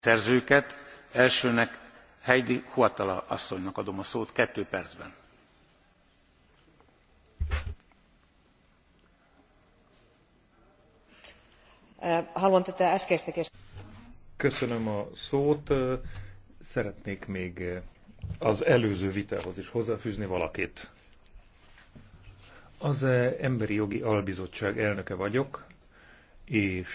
szerzőket elsőnek heidi hautala asszonynak adom a szót kettő percben. Köszönöm a szót. Szeretnék még az előző vitához is hozzáfűzni valakit. Az Emberi Jogi Albizottság elnöke vagyok, és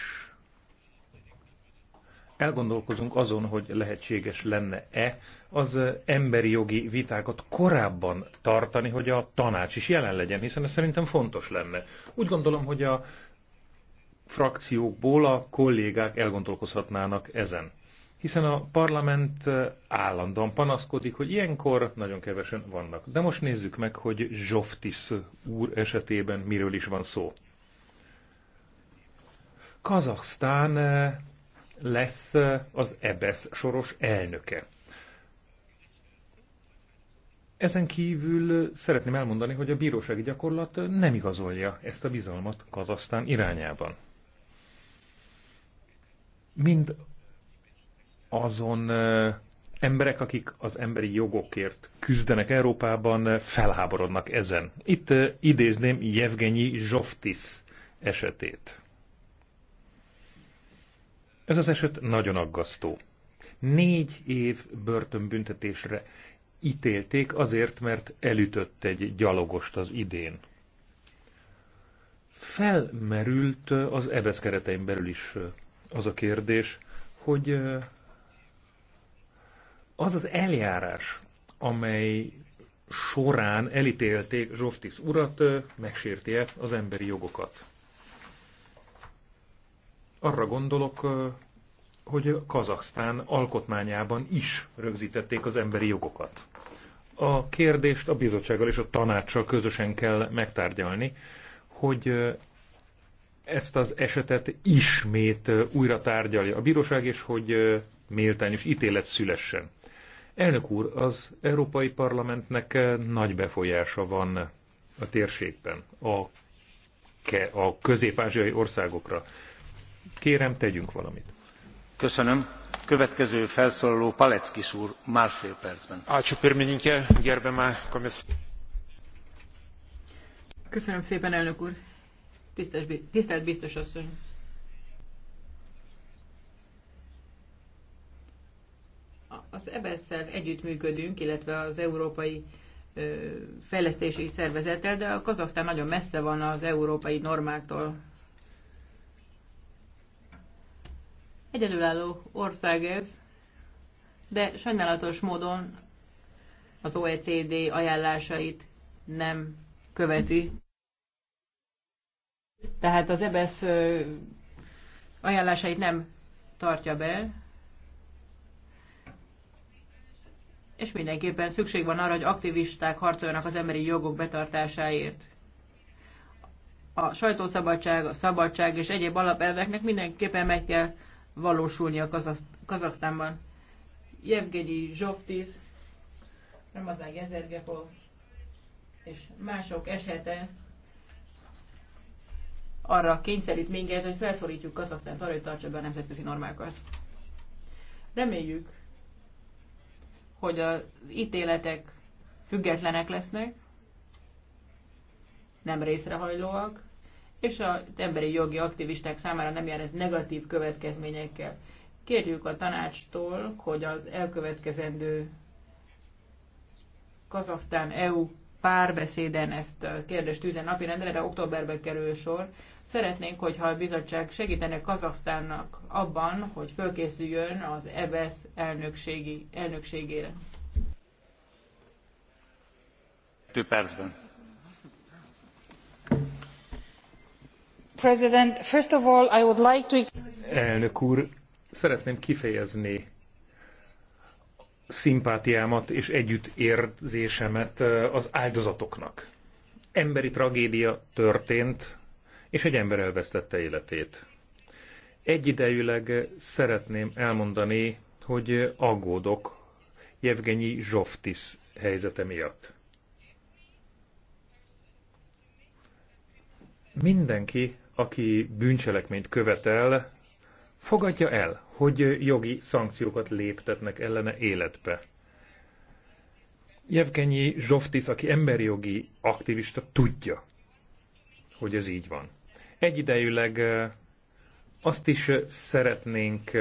elgondolkozunk azon, hogy lehetséges lenne-e az emberi jogi vitákat korábban tartani, hogy a tanács is jelen legyen, hiszen ez szerintem fontos lenne. Úgy gondolom, hogy a frakciókból a kollégák elgondolkozhatnának ezen. Hiszen a parlament állandóan panaszkodik, hogy ilyenkor nagyon kevesen vannak. De most nézzük meg, hogy Zsoftis úr esetében miről is van szó. Kazaksztán eh, lesz az EBESZ soros elnöke. Ezen kívül szeretném elmondani, hogy a bírósági gyakorlat nem igazolja ezt a bizalmat Kazasztán irányában. Mind azon emberek, akik az emberi jogokért küzdenek Európában, felháborodnak ezen. Itt idézném Jevgenyi Zsoftis esetét. Ez az eset nagyon aggasztó. Négy év börtönbüntetésre ítélték azért, mert elütött egy gyalogost az idén. Felmerült az EBSZ e keretein belül is az a kérdés, hogy az az eljárás, amely során elítélték Zsoftis urat, megsérti -e az emberi jogokat. Arra gondolok, hogy Kazaksztán alkotmányában is rögzítették az emberi jogokat. A kérdést a bizottsággal és a tanácssal közösen kell megtárgyalni, hogy ezt az esetet ismét újra tárgyalja a bíróság, és hogy méltányos ítélet szülessen. Elnök úr, az Európai Parlamentnek nagy befolyása van a térségben, a, a közép-ázsiai országokra. Kérem, tegyünk valamit. Köszönöm. Következő felszólaló Paleckis úr másfél percben. Ácsú pirmininke, gerbemá komissz. Köszönöm szépen, elnök úr. Tisztelt, tisztelt biztos asszony. Az EBS-szel együttműködünk, illetve az Európai Fejlesztési Szervezettel, de a Kazasztán nagyon messze van az európai normáktól, Egyedülálló ország ez, de sajnálatos módon az OECD ajánlásait nem követi. Tehát az EBSZ e ajánlásait nem tartja be, és mindenképpen szükség van arra, hogy aktivisták harcoljanak az emberi jogok betartásáért. A sajtószabadság, a szabadság és egyéb alapelveknek mindenképpen meg kell valósulni a Kazaksztánban. Jevgenyi Zsoftis, Ramazán Gezergepov és mások esete arra kényszerít minket, hogy felszorítjuk Kazaksztánt arra, hogy tartsa be a nemzetközi normákat. Reméljük, hogy az ítéletek függetlenek lesznek, nem részrehajlóak, és az emberi jogi aktivisták számára nem jár ez negatív következményekkel. Kérjük a tanácstól, hogy az elkövetkezendő Kazasztán-EU párbeszéden ezt a kérdést tűzen napirendre, de októberbe kerül sor. Szeretnénk, hogyha a bizottság segítene Kazasztánnak abban, hogy fölkészüljön az EBS e elnökségi, elnökségére. Two percben Elnök úr, szeretném kifejezni szimpátiámat és együttérzésemet az áldozatoknak. Emberi tragédia történt, és egy ember elvesztette életét. Egyidejűleg szeretném elmondani, hogy aggódok Jevgenyi Zsoftis helyzete miatt. Mindenki, aki bűncselekményt követel, fogadja el, hogy jogi szankciókat léptetnek ellene életbe. Jevgenyi Zsoftis, aki emberi jogi aktivista, tudja, hogy ez így van. Egyidejűleg azt is szeretnénk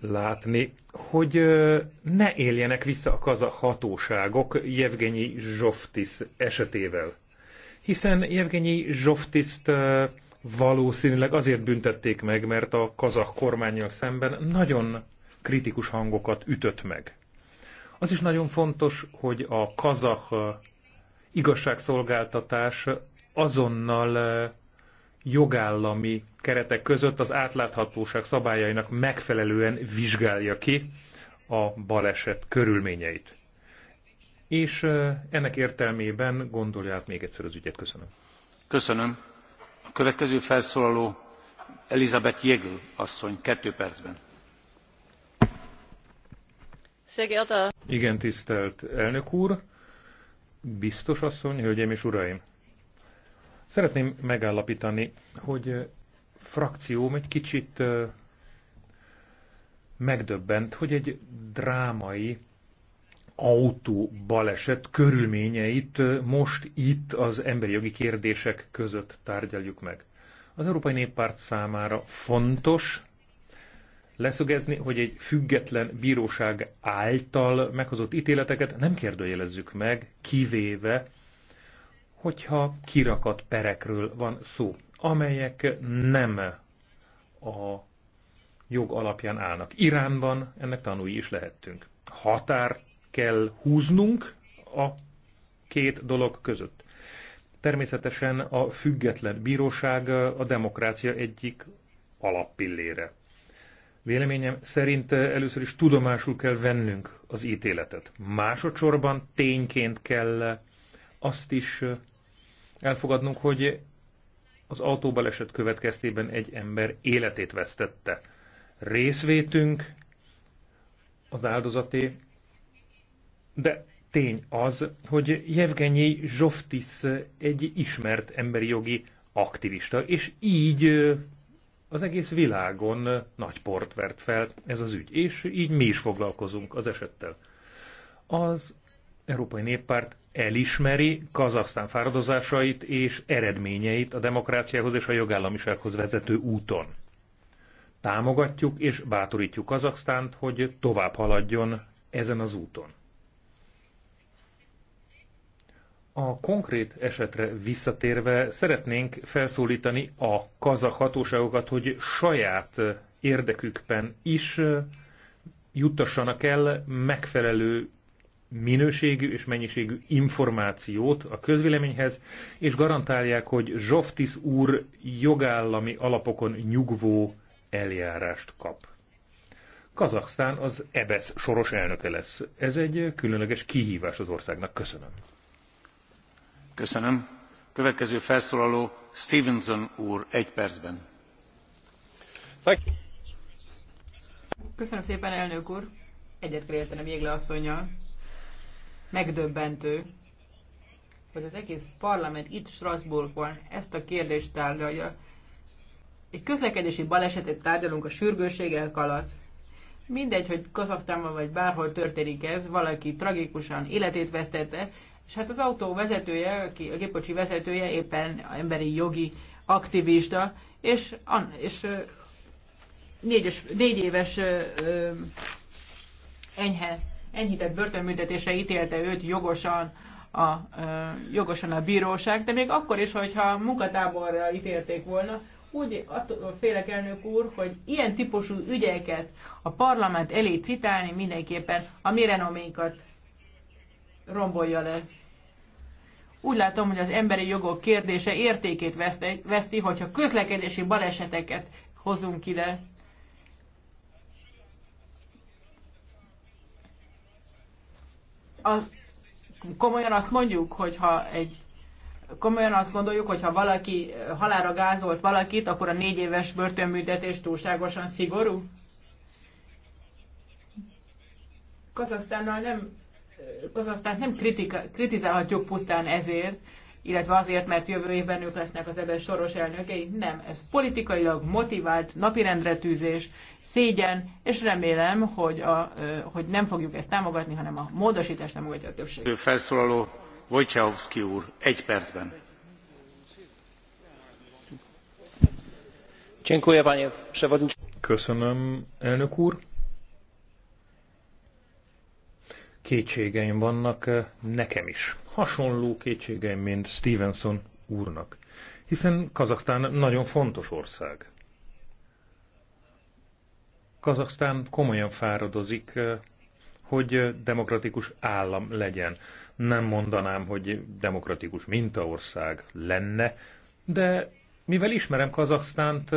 látni, hogy ne éljenek vissza a kaza hatóságok Jevgenyi Zsoftis esetével hiszen Evgenyi Zsoftiszt valószínűleg azért büntették meg, mert a kazak kormányjal szemben nagyon kritikus hangokat ütött meg. Az is nagyon fontos, hogy a kazak igazságszolgáltatás azonnal jogállami keretek között az átláthatóság szabályainak megfelelően vizsgálja ki a baleset körülményeit és ennek értelmében gondolja át még egyszer az ügyet. Köszönöm. Köszönöm. A következő felszólaló Elizabeth Jégl asszony, kettő percben. Igen, tisztelt elnök úr, biztos asszony, hölgyeim és uraim. Szeretném megállapítani, hogy frakcióm egy kicsit megdöbbent, hogy egy drámai autóbaleset körülményeit most itt az emberi jogi kérdések között tárgyaljuk meg. Az Európai Néppárt számára fontos leszögezni, hogy egy független bíróság által meghozott ítéleteket nem kérdőjelezzük meg, kivéve, hogyha kirakat perekről van szó, amelyek nem a jog alapján állnak. Iránban ennek tanúi is lehettünk. Határ kell húznunk a két dolog között. Természetesen a független bíróság a demokrácia egyik alappillére. Véleményem szerint először is tudomásul kell vennünk az ítéletet. Másodszorban tényként kell azt is elfogadnunk, hogy az autóbaleset következtében egy ember életét vesztette. Részvétünk az áldozaté de tény az, hogy Jevgenyi Zsoftis egy ismert emberi jogi aktivista, és így az egész világon nagy port vert fel ez az ügy, és így mi is foglalkozunk az esettel. Az Európai Néppárt elismeri Kazasztán fáradozásait és eredményeit a demokráciához és a jogállamisághoz vezető úton. Támogatjuk és bátorítjuk Kazaksztánt, hogy tovább haladjon ezen az úton. A konkrét esetre visszatérve szeretnénk felszólítani a kazak hatóságokat, hogy saját érdekükben is juttassanak el megfelelő minőségű és mennyiségű információt a közvéleményhez, és garantálják, hogy Zsoftis úr jogállami alapokon nyugvó eljárást kap. Kazaksztán az EBESZ soros elnöke lesz. Ez egy különleges kihívás az országnak. Köszönöm. Köszönöm. Következő felszólaló Stevenson úr egy percben. Köszönöm szépen, elnök úr. Egyet kell értenem Jégle asszonnyal Megdöbbentő, hogy az egész parlament itt Strasbourgban ezt a kérdést tárgyalja. Egy közlekedési balesetet tárgyalunk a sürgősségek alatt. Mindegy, hogy kazahsztánban vagy bárhol történik ez, valaki tragikusan életét vesztette, és hát az autó vezetője, aki a gépkocsi vezetője éppen emberi jogi aktivista, és, és négyes, négy éves enyhe, enyhített börtönbüntetése ítélte őt jogosan a, jogosan a bíróság, de még akkor is, hogyha munkatáborra ítélték volna, úgy attól félek, elnök úr, hogy ilyen típusú ügyeket a parlament elé citálni mindenképpen a mi renoménkat rombolja le. Úgy látom, hogy az emberi jogok kérdése értékét veszti, hogyha közlekedési baleseteket hozunk ide. Az, komolyan azt mondjuk, hogyha egy komolyan azt gondoljuk, hogy ha valaki halára gázolt valakit, akkor a négy éves börtönbüntetés túlságosan szigorú? Kazasztánnal nem Kazasztánt nem kritika, kritizálhatjuk pusztán ezért, illetve azért, mert jövő évben ők lesznek az ebben soros elnökei. Nem, ez politikailag motivált napirendre tűzés, szégyen, és remélem, hogy, a, hogy nem fogjuk ezt támogatni, hanem a módosítást nem a többség. Felszólaló Wojciechowski úr, egy percben. Köszönöm, elnök úr. kétségeim vannak eh, nekem is. Hasonló kétségeim, mint Stevenson úrnak. Hiszen Kazaksztán nagyon fontos ország. Kazaksztán komolyan fáradozik, eh, hogy eh, demokratikus állam legyen. Nem mondanám, hogy demokratikus mintaország lenne, de mivel ismerem Kazaksztánt,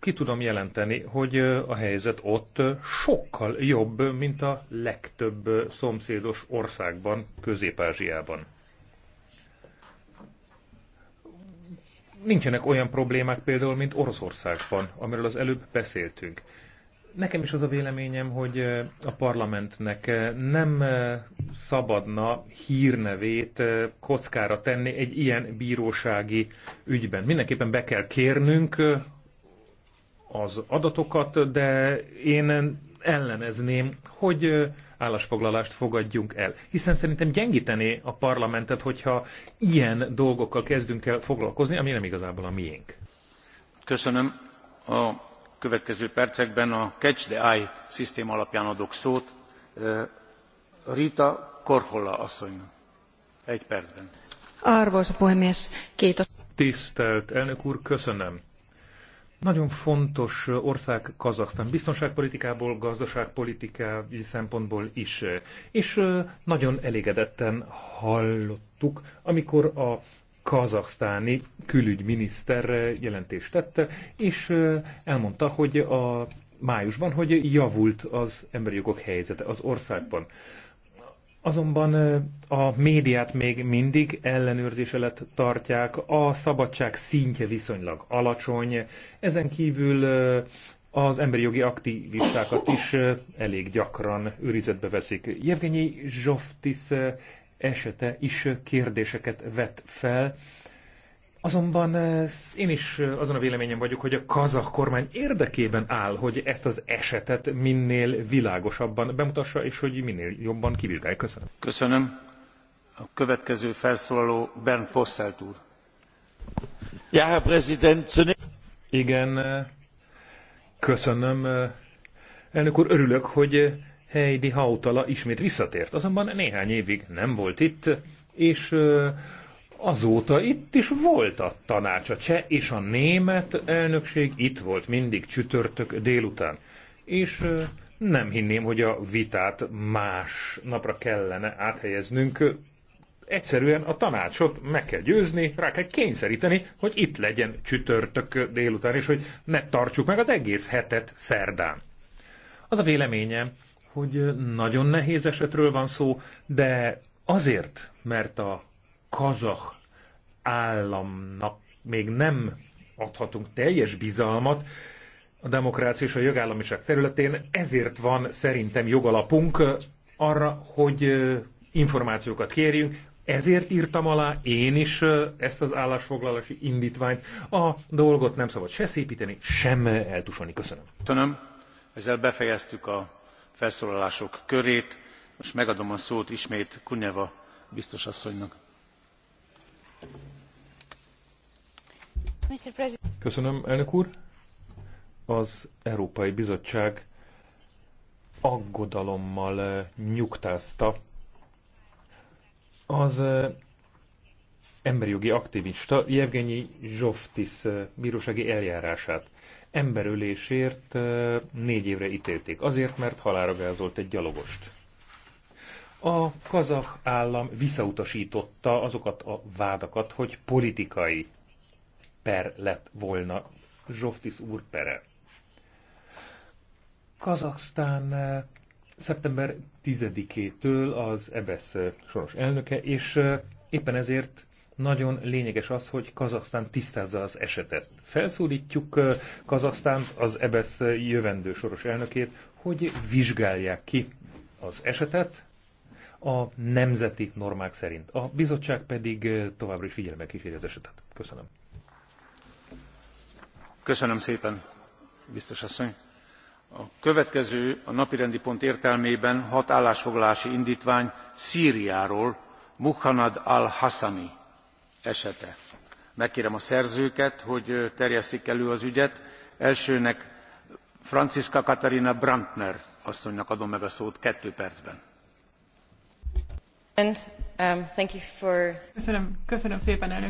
ki tudom jelenteni, hogy a helyzet ott sokkal jobb, mint a legtöbb szomszédos országban, Közép-Ázsiában. Nincsenek olyan problémák például, mint Oroszországban, amiről az előbb beszéltünk. Nekem is az a véleményem, hogy a parlamentnek nem szabadna hírnevét kockára tenni egy ilyen bírósági ügyben. Mindenképpen be kell kérnünk az adatokat, de én ellenezném, hogy állásfoglalást fogadjunk el. Hiszen szerintem gyengítené a parlamentet, hogyha ilyen dolgokkal kezdünk el foglalkozni, ami nem igazából a miénk. Köszönöm. A következő percekben a catch the eye szisztéma alapján adok szót rita korhola asszonynak. egy percben. arvoisa puhemies kiitos. tisztelt elnök úr köszönöm. Nagyon fontos ország Kazaksztán, biztonságpolitikából, gazdaságpolitikai szempontból is. És nagyon elégedetten hallottuk, amikor a kazaksztáni külügyminiszter jelentést tette, és elmondta, hogy a májusban, hogy javult az emberi jogok helyzete az országban. Azonban a médiát még mindig ellenőrzés alatt tartják, a szabadság szintje viszonylag alacsony, ezen kívül az emberi jogi aktivistákat is elég gyakran őrizetbe veszik. Jevgenyi Zsoftis esete is kérdéseket vet fel. Azonban eh, én is eh, azon a véleményen vagyok, hogy a kazak kormány érdekében áll, hogy ezt az esetet minél világosabban bemutassa, és hogy minél jobban kivizsgálja. Köszönöm. Köszönöm. A következő felszólaló Bernd Posselt úr. Ja, Herr Präsident, Igen, eh, köszönöm. Elnök úr, örülök, hogy Heidi Hautala ismét visszatért, azonban néhány évig nem volt itt, és azóta itt is volt a tanács, a cseh és a német elnökség itt volt mindig csütörtök délután. És nem hinném, hogy a vitát más napra kellene áthelyeznünk. Egyszerűen a tanácsot meg kell győzni, rá kell kényszeríteni, hogy itt legyen csütörtök délután, és hogy ne tartsuk meg az egész hetet szerdán. Az a véleményem, hogy nagyon nehéz esetről van szó, de azért, mert a kazah államnak még nem adhatunk teljes bizalmat a demokrácia és a jogállamiság területén, ezért van szerintem jogalapunk arra, hogy információkat kérjünk, ezért írtam alá én is ezt az állásfoglalási indítványt. A dolgot nem szabad se szépíteni, sem eltusolni. Köszönöm. Köszönöm. Ezzel befejeztük a felszólalások körét. Most megadom a szót ismét Kuneva biztos asszonynak. Köszönöm, elnök úr. Az Európai Bizottság aggodalommal eh, nyugtázta az eh, emberi jogi aktivista Jevgenyi Zsoftis eh, bírósági eljárását emberülésért négy évre ítélték, azért, mert halára gázolt egy gyalogost. A kazah állam visszautasította azokat a vádakat, hogy politikai per lett volna Zsoftis úr pere. Kazaksztán szeptember 10-től az EBSZ soros elnöke, és éppen ezért nagyon lényeges az, hogy Kazaksztán tisztázza az esetet. Felszólítjuk Kazaksztánt, az EBSZ jövendő soros elnökét, hogy vizsgálják ki az esetet a nemzeti normák szerint. A bizottság pedig továbbra is figyelme kíséri az esetet. Köszönöm. Köszönöm szépen, biztos asszony. A következő a napirendi pont értelmében hat állásfoglalási indítvány Szíriáról, Muhannad al-Hassami esete. megkérem a szerzőket hogy terjesszék elő az ügyet elsőnek franziska katarina brantner asszonynak adom meg a szót two percben. Um, köszönöm, köszönöm szépen,